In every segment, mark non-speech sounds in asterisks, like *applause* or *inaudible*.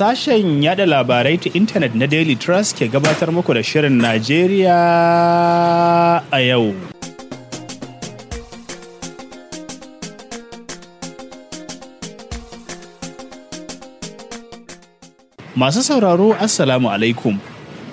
Sashen yada labarai ta intanet na Daily Trust ke gabatar muku da Shirin Najeriya a yau. Masu sauraro, Assalamu alaikum.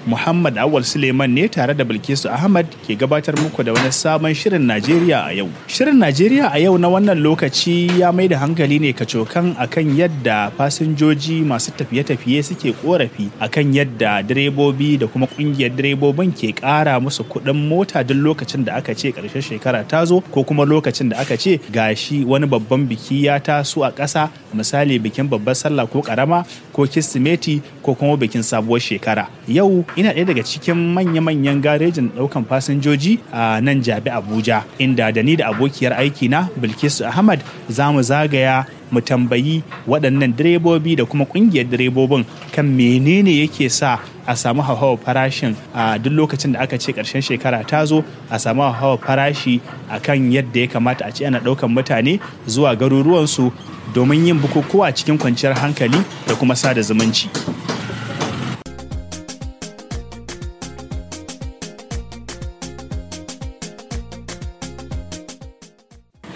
Muhammad Awal Suleiman ne tare da Bilkisu Ahmad ke gabatar muku da wani sabon shirin Najeriya a yau. Shirin Najeriya a yau na wannan lokaci ya mai da hankali ne ka kacokan akan yadda fasinjoji masu tafiye-tafiye suke korafi akan yadda direbobi da kuma kungiyar direbobin ke kara musu kuɗin mota duk lokacin da aka ce ƙarshen shekara ta zo ko kuma lokacin da aka ce gashi wani babban biki ya taso a ƙasa misali bikin babbar sallah ko ƙarama ko kirsimeti ko kuma bikin sabuwar shekara. Yau ina ɗaya daga cikin manya-manyan garejin ɗaukan fasinjoji a nan jabi abuja inda da ni da abokiyar aiki na bilkisu ahmad za mu zagaya mu tambayi waɗannan direbobi da kuma ƙungiyar direbobin kan menene yake sa a samu hauhawar farashin a duk lokacin da aka ce ƙarshen shekara ta zo a samu hauhawar farashi a kan yadda ya kamata a ce ana ɗaukan mutane zuwa garuruwansu domin yin bukukuwa cikin kwanciyar hankali da kuma sada zumunci.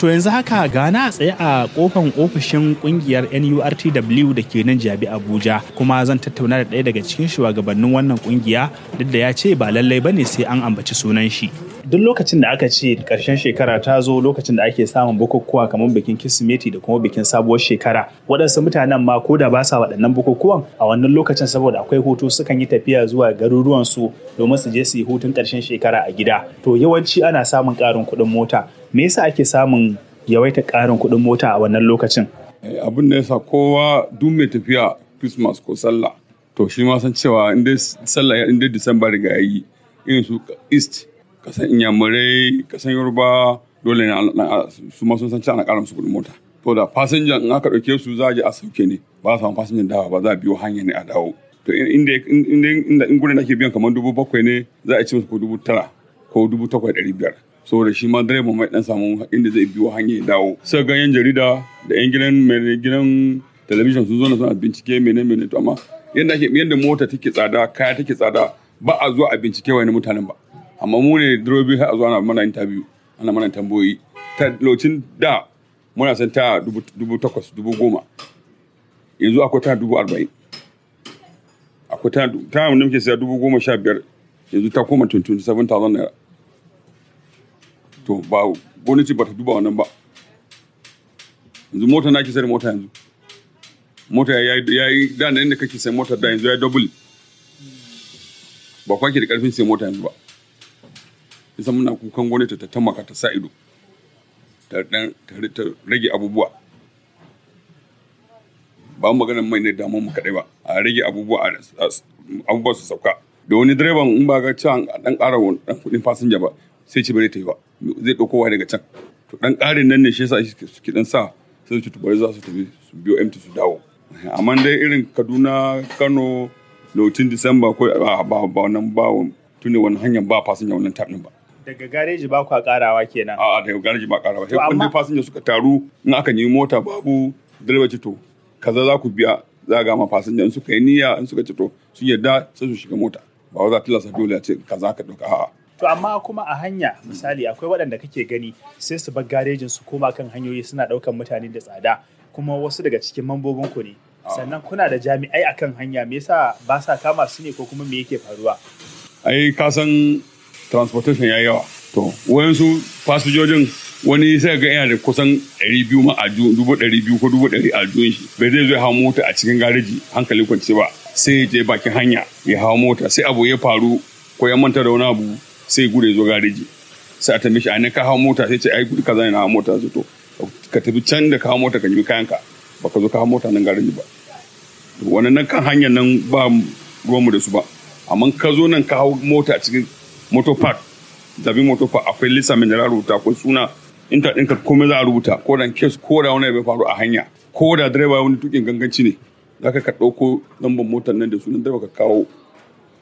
To yanzu haka gana a tsaye a kofan ofishin kungiyar NURTW da ke nan Jabi Abuja kuma zan tattauna da ɗaya daga cikin shugabannin wannan kungiya duk da ya ce ba lallai bane sai an ambaci sunan shi. Duk lokacin da aka ce ƙarshen shekara ta zo lokacin da ake samun bukukuwa kamar bikin Kirsimeti da kuma bikin sabuwar shekara. Waɗansu mutanen ma ko da ba sa waɗannan bukukuwan a wannan lokacin saboda akwai hutu sukan yi tafiya zuwa garuruwansu domin su je su yi hutun ƙarshen shekara a gida. To yawanci ana samun ƙarin kuɗin mota. me yasa ake samun yawaita ƙarin kuɗin mota a wannan lokacin eh, abin da yasa kowa duk mai tafiya christmas ko sallah to shi ma san cewa inda sallah ya inda december riga yi irin su east kasan inyamurai kasan yoruba dole ne su ma sun san cewa ana ƙara musu kuɗin mota to da fasinjan in aka ɗauke su za a je a sauke ne ba sa samu fasinjan dawa ba za a biyo hanya ne a dawo to inda inda inda in gurin ake biyan kamar dubu bakwai ne za a ci musu ko dubu tara ko dubu takwai ɗari biyar saboda shi ma direba mai dan samu inda zai biyo hanya ya dawo sai ga yan jarida da yan gidan mai gidan talabijin sun zo na suna bincike mene mene to amma yanda ake yanda mota take tsada kaya take tsada ba a zuwa a bincike wani mutanen ba amma mu ne direbobi har a zo ana mana interview ana mana tambayoyi ta locin da muna san ta dubu takwas dubu goma yanzu akwai ta dubu arba'in akwai ta ta da muke siya dubu goma sha biyar yanzu ta koma tuntun 7,000 naira to ba gwamnati ba ta duba wannan ba yanzu mota na ki sai mota yanzu mota ya yi da na inda kake sai mota da yanzu ya double ba kwaki da karfin sai mota yanzu ba isa muna kukan gwamnati ta tamaka ta sa ido ta rage abubuwa ba maganar mai ne damu mu kadai ba a rage abubuwa a abubuwa su sauka da wani direban in ba ga can dan ƙara dan kuɗin fasinja ba sai ce bare ta yi ba zai ɗauko wa daga can to ɗan ƙarin nan ne shi yasa suke ɗan sa sai su tubare za su tafi su biyo MT su dawo amma dai irin Kaduna Kano lokacin Disamba ko ba ba nan ba tuni wani hanyar ba fasinja wannan tabin ba daga gareji ba kwa karawa kenan a'a daga gareji ba karawa sai kun fasinja suka taru in aka yi mota babu direba ce to kaza za ku biya za ga ma fasinja in suka yi niyya in suka ci to sun yadda sai su shiga mota ba za ta lasa dole a ce kaza ka dauka a'a to amma kuma a hanya misali akwai waɗanda kake gani sai su bar garejin su koma kan hanyoyi suna ɗaukan mutane da tsada kuma wasu daga cikin mambobin ku ne ah. sannan kuna da jami'ai akan hanya me yasa ba sa kama su ne ko kuma me yake faruwa ai ka san transportation ya yawa to wayansu fasinjojin wani sai ga yana da kusan 200 ma a dubu 200 ko dubu 100 a shi bai zai zo hawo mota a cikin gareji hankali kwance ba sai ya je bakin hanya ya hawo mota sai abu ya faru ko ya manta da wani abu sai gure zo gareji sai a mishi a ka hawo mota sai ce ai gudu kaza ne na hawo mota zato ka tafi can da ka hawo mota ka nemi kayan ka baka zo ka hawo mota nan gareji ba wannan nan kan hanyar nan ba ruwanmu da su ba amma ka zo nan ka hawo mota a cikin moto park zabi moto park akwai lissa mineral da rubuta akwai suna inta ɗinka komai za a rubuta ko da case ko da wani bai faru a hanya ko da direba wani tukin ganganci ne zaka ka dauko lambar motar nan da sunan direba ka kawo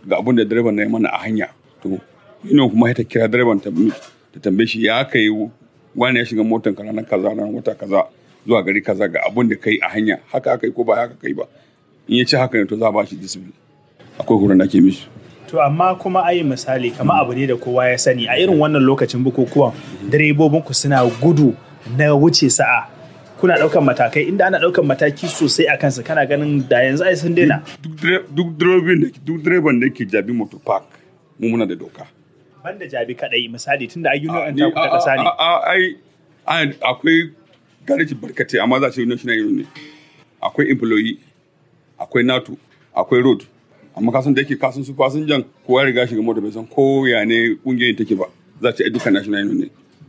ga abin da direba na yi mana a hanya to union kuma ita kira direban ta tambaye shi ya aka yi wani ya shiga motan ka na kaza ranar wata kaza zuwa gari kaza ga abun da kai a hanya haka aka yi ko ba haka kai ba in ya ci haka ne to za a ba shi discipline akwai horon da ke mishi to amma kuma ayi misali kamar abu ne da kowa ya sani a irin wannan lokacin bukukuwan direbobin ku suna gudu na wuce sa'a kuna daukan matakai inda ana daukan mataki sosai a kansa kana ganin da yanzu ai sun daina duk direban da ke jabi motor park mu muna da doka banda jabi kadai misali tunda ai union ah, ta ta kasa ah, ah, ne ai akwai garaji barkate amma za su union national union ne akwai employee akwai nato akwai road amma kasan da yake kasan su fasinjan kowa riga shiga mota bai san ko ya ne kungiyoyin take ba za ta duka national union ne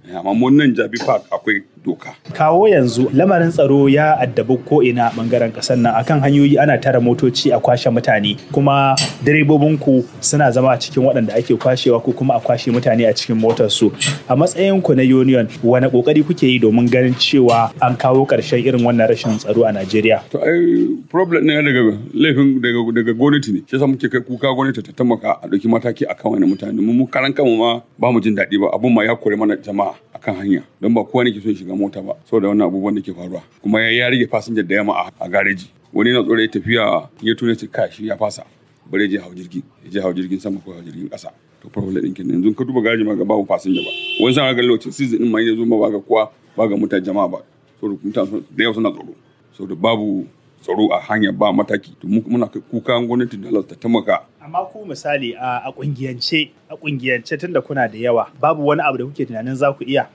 Eh, amma mun nan jabi park akwai doka kawo yanzu lamarin tsaro ya addabi ko ina bangaren kasar nan akan hanyoyi ana tara motoci a kwashe mutane kuma direbobin ku suna zama a cikin waɗanda ake kwashewa ko kuma a kwashe mutane a cikin motar su a matsayin ku na union wani kokari kuke yi domin ganin cewa an kawo ƙarshen irin wannan rashin tsaro a Najeriya to ai problem ne daga laifin daga daga gwamnati ne shi yasa muke kai kuka gwamnati ta taimaka a dauki mataki akan wani mutane mu karan kanmu ma ba mu jin daɗi ba abun ma ya kore mana jama'a a akan hanya don ba kowa ne ke so shiga mota ba saboda wannan abubuwan da ke faruwa kuma ya rage fasinja da yamma a gareji wani na tsoron tafiya ya tuna shi kashi ya fasa bare je hau jirgin ya je hau jirgin sama ko hau jirgin ƙasa to problem ɗin kenan yanzu ka duba gareji ma ga babu fasinja ba wani sama ga lokacin season ɗin ma yanzu zo ma ba ga kowa ba ga mutane jama'a ba saboda mutane da yawa suna tsoro saboda babu tsaro a hanyar ba mataki to muna kai kukan gwamnati dala ta maka. amma ku misali a kungiyance a kungiyance da kuna da yawa babu wani abu da kuke tunanin za ku iya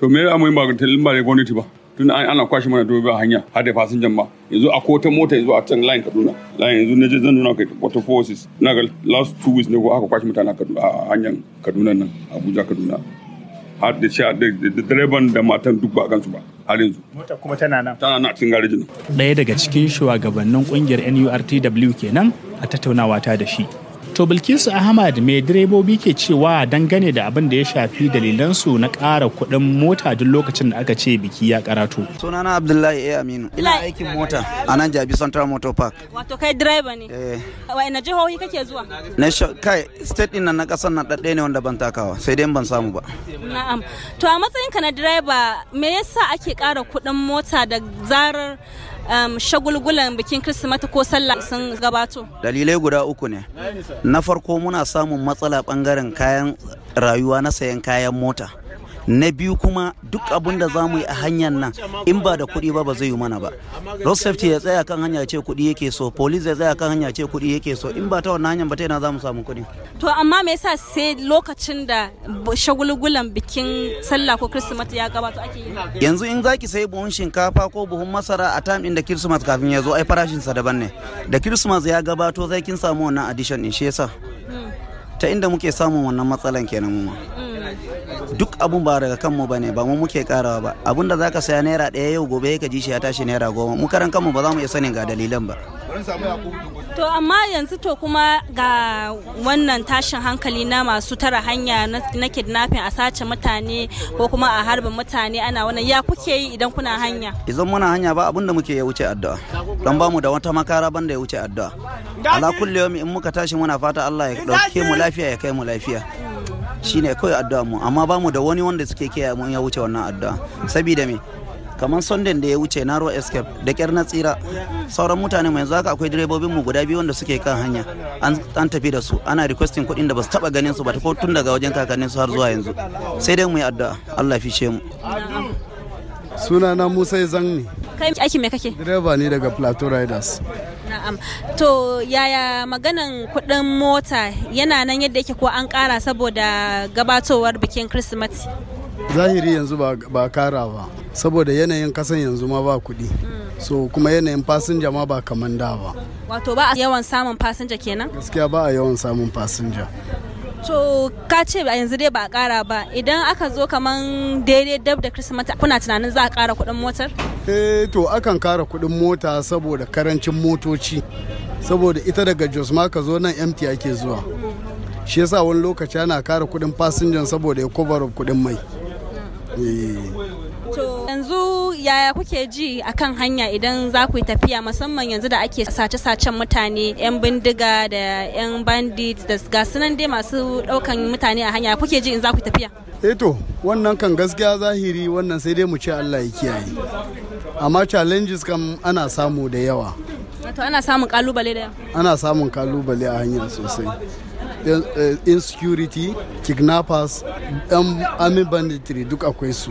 to me ya mu yi magantalin ba da gwamnati ba tun ana kwashe mana dobe a hanya har da fasinjan ba yanzu a ko ta mota yanzu a can layin kaduna layin yanzu na je zan nuna kai wata forces na ga last two weeks ne ko aka kwashe mutane a hanyar kaduna nan abuja kaduna har da sha direban da matan duk ba kansu ba har yanzu mota kuma tana nan tana nan a cikin garejin ɗaya daga cikin shugabannin kungiyar NURTW kenan a tattaunawa ta da shi To Bilkisu Ahmad mai direbobi ke cewa dangane da abin da ya shafi dalilansu na ƙara kuɗin mota duk lokacin da aka ce biki ya karatu. Sunana Abdullahi A Aminu. Ina aikin mota a nan Jabi Central Motor Park. Wato kai direba ne? Eh. Wa ina jihohi kake zuwa? Na kai state ɗin nan na ƙasar na ɗaɗɗe ne wanda ban takawa sai dai ban samu ba. Na'am. To a matsayinka na direba me yasa ake ƙara kuɗin mota da zarar um, shagulgulan bikin Kirsimeti ko sallah sun gabato? Dalilai guda uku ne. Na farko muna samun matsala bangaren kayan rayuwa na sayan kayan mota. na biyu kuma duk abin da za mu yi a hanyar nan in ba da kuɗi ba ba zai yi mana ba road safety ya tsaya kan hanya ce kuɗi yake so police ya tsaya kan hanya ce kuɗi yake so in ba ta wannan hanyar ba ta yana za mu samu kuɗi to amma me yasa sai lokacin da shagulgulan bikin sallah ko christmas ya gabato ake yi yanzu in zaki sai buhun shinkafa ko buhun masara a time din da christmas kafin ya zo ai farashin sa daban ne da christmas ya gabato zai kin samu wannan addition din shi yasa hmm. ta inda muke samun wannan matsalan kenan mu ma hmm. duk abun ba daga kanmu ba ne ba mu muke karawa ba abun da zaka saya naira ɗaya yau gobe ka ji shi ya tashi naira goma mu karan kanmu ba za mu iya sanin ga dalilan ba to amma yanzu to kuma ga wannan tashin hankali na masu tara hanya na kidnapping a sace mutane ko kuma a harbin mutane ana wannan ya kuke yi idan kuna hanya idan muna hanya ba abun da muke ya wuce addu'a dan bamu da wata makara banda ya wuce addu'a ala kulli yawmi in muka tashi muna fata Allah ya dauke mu lafiya ya kai mu lafiya shine kawai addu'a mu amma bamu da wani wanda suke kiyaye mu ya wuce wannan addu'a saboda me kamar sunday da ya wuce na ruwa escape da kyar na tsira sauran mutane mai yanzu haka akwai direbobin guda biyu wanda suke kan hanya an tafi da su ana requesting kuɗin da basu su taba ganin su ba ko tun daga wajen kakannin su har zuwa yanzu sai dai mu yi addu'a Allah fishe mu sunana Musa Zanni kai aiki mai kake direba ne daga plateau riders na'am to yaya maganan kuɗin mota yana nan yadda yake ko an ƙara saboda gabatowar bikin kirsimati zahiri yanzu ba kara ba saboda yanayin kasan yanzu ma ba kuɗi hmm. so kuma yanayin fasinja ma ba kaman da ba wato ba a yawan samun fasinja kenan gaskiya ba a yawan samun fasinja To ka ce a yanzu dai ba a kara ba idan aka zo kaman daidai dab da Kirsimata kuna tunanin za a kara kudin motar? Eh to akan kara kudin mota saboda karancin motoci saboda ita daga Jos ma ka zo nan MT ake zuwa. Shi yasa wani lokaci ana kara kudin fasinjan saboda ya kobar kudin mai. Eh. Yanzu yaya kuke ji akan hanya idan za ku yi tafiya musamman yanzu da ake sace-sacen mutane 'yan bindiga da 'yan bandit da gasunan dai masu ɗaukan mutane a hanya kuke ji in za ku yi tafiya? Eto eh wannan kan gaskiya zahiri wannan sai dai mu ce Allah ya kiyaye. Amma challenges kam ana samu da yawa. Wato ana samun kalubale da yawa? Ana samun kalubale a hanya sosai. Eh, insecurity kidnappers yan army banditry duk akwai su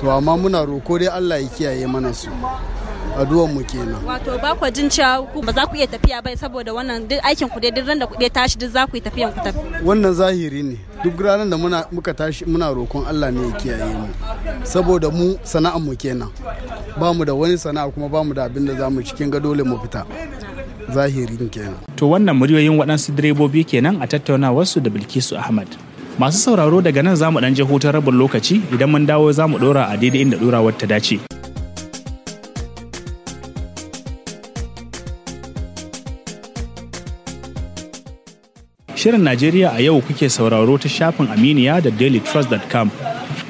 to amma muna roko dai Allah ya kiyaye mana su duwan mu kenan wato ba ku jin cewa ku ba za ku iya tafiya ba saboda wannan duk aikin ku dai duk ran da dai tashi duk za ku yi tafiyan ku tafi wannan zahiri ne duk ranar da muna muka tashi muna roƙon Allah ne ya kiyaye mu saboda mu sana'ar mu kenan ba mu da wani sana'a kuma ba mu da abin da za mu cikin ga dole mu fita zahirin kenan to wannan muryoyin waɗansu direbobi kenan a tattaunawarsu da Bilkisu Ahmad masu sauraro daga nan zamu mu ɗan je hutun rabin lokaci idan mun dawo zamu mu ɗora a daidai inda ɗorawar ta dace. Shirin Najeriya a yau kuke sauraro ta shafin Aminiya da dailytrust.com.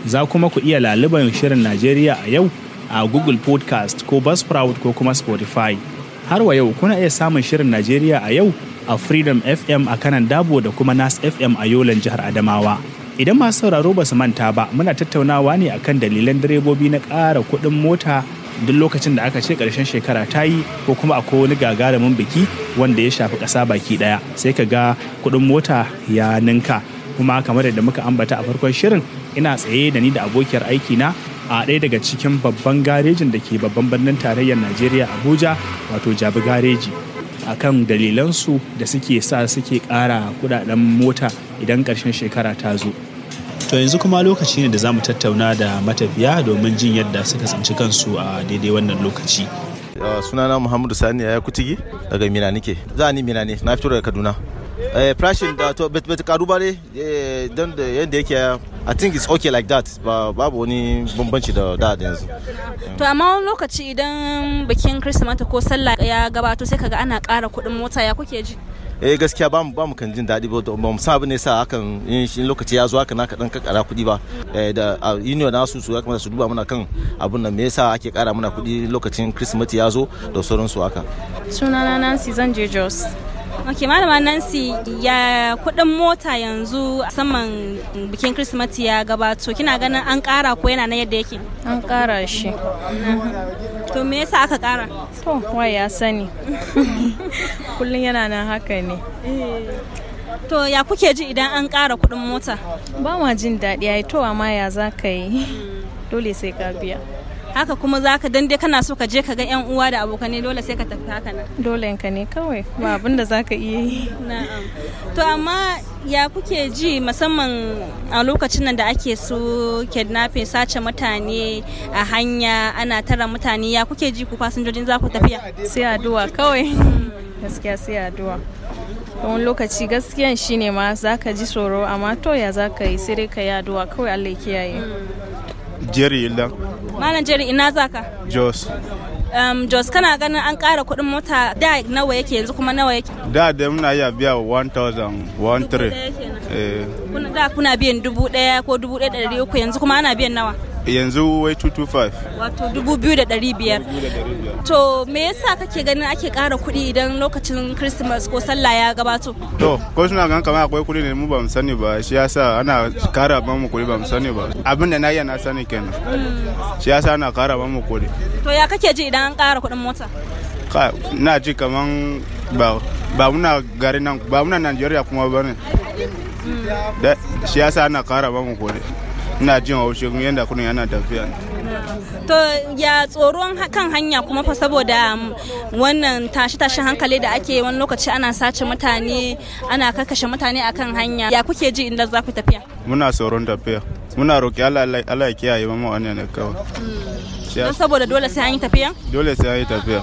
Za kuma ku iya laliban Shirin Najeriya a yau a Google Podcast ko Buzzsprout ko kuma Spotify. Har wa yau kuna iya samun Shirin Najeriya a yau a Freedom FM a kanan Dabo da kuma Nas FM a Yolan jihar Adamawa. Idan masu sauraro ba su manta ba, muna tattaunawa ne akan dalilan direbobi na ƙara kuɗin mota duk lokacin da aka ce ƙarshen shekara ta yi ko kuma a wani gagarumin biki wanda ya shafi ƙasa baki ɗaya sai ka ga kuɗin mota ya ninka kuma kamar da muka ambata a farkon shirin ina tsaye da ni da abokiyar aiki na a ɗaya daga cikin babban garejin da ke babban birnin tarayyar najeriya abuja wato jabi gareji a kan dalilansu da suke sa suke ƙara kudaden mota idan ƙarshen shekara ta zo to yanzu kuma lokaci ne da za mu tattauna da matafiya domin jin yadda suka tsinci kansu a daidai wannan lokaci sunana muhammadu sani ya kutigi daga mina nike za ni mina ne na fito daga kaduna Farashin eh, da to bet karu ba ne eh, don da yadda yake I think it's okay like that ba babu wani bambanci da da yanzu. To amma wani lokaci idan bikin Kirsimata ko sallah ya gabato sai kaga ana ƙara kuɗin mota ya kuke ji? eh gaskiya ba mu ba mu kan jin daɗi ba ba mu sabu ne sa hakan in lokaci ya zo haka na kaɗan ka ƙara kuɗi ba eh, da union na su ya kamata su duba muna kan abun nan me yasa ake ƙara mana kuɗi lokacin christmas ya zo da sauransu haka sunana Nancy Zanje Jos Ok, malama Nancy ya kudin mota yanzu a saman bikin Kirsimati ya gabato. Kina ganin an ƙara ko yana na yadda yake? An ƙara shi. To me yasa aka ƙara? To, wai ya sani. *laughs* Kullum yana nan haka ne. To ya kuke ji idan an kara kuɗin mota? Ba ma jin daɗi, yi to amma ya za ka yi. Hmm. Dole sai ka biya. haka kuma za ka dande kana so ka je ka ga yan uwa da abokanai dole sai ka tafi haka nan dole ka ne kawai ba abin da za ka iya yi to amma ya kuke ji musamman a lokacin nan da ake so kidnapping sace mutane a hanya ana tara mutane ya kuke ji ku fasinjojin za ku tafiya sai addu'a kawai hmm. gaskiya sai addu'a wani lokaci gaskiyan shine ma za ka ji tsoro amma to ya za ka yi sai dai ka yi addu'a kawai Allah ya kiyaye jerry illa Malam Jerry ina zaka? Jos. Um, Jos kana ganin an ƙara kuɗin mota da nawa yake yanzu kuma nawa yake? Da da muna iya biya 1,000 eh. Kuna da kuna biyan dubu ɗaya ko dubu ɗaya ɗari uku yanzu kuma ana biyan nawa? yanzu wai 225 wato 2500 to me yasa kake ganin ake ƙara kuɗi idan lokacin christmas ko sallah ya gabato to ko suna gan kamar akwai kuɗi ne mu ba mu sani ba shi yasa ana ƙara ba mu kuɗi ba mu sani ba abin da na iya na sani kenan mm. shi yasa ana ƙara ba mu kuɗi to ya kake ji idan an ƙara kuɗin mota na ji kaman ba ba muna gari nan ba muna Najeriya kuma ba ne. Mm. shi yasa ana ƙara ba mu kuɗi ina jin kuma yadda kudin yana tafiya to ya tsoron kan hanya kuma fa saboda um, wannan tashi-tashin hankali da ake wani lokaci ana sace mutane ana karkashe mutane a kan hanya ya kuke ji inda za ku tafiya muna tsoron tafiya muna roƙi Allah ya kiyaye mu wannan kawai hmm. don saboda dole sai an yi tafiya dole sai an yi tafiya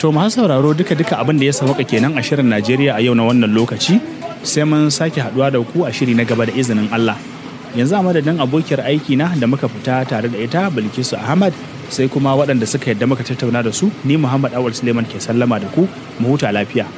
to masu sauraro duka duka abin da ya ka kenan a shirin najeriya a yau na wannan lokaci sai mun sake haduwa da ku a shiri na gaba da izinin allah yanzu a madadin abokiyar aiki na da muka fita tare da ita bilkisu ahmad sai kuma waɗanda suka yadda muka tattauna da su ni muhammad awal suleiman ke sallama da ku mu huta lafiya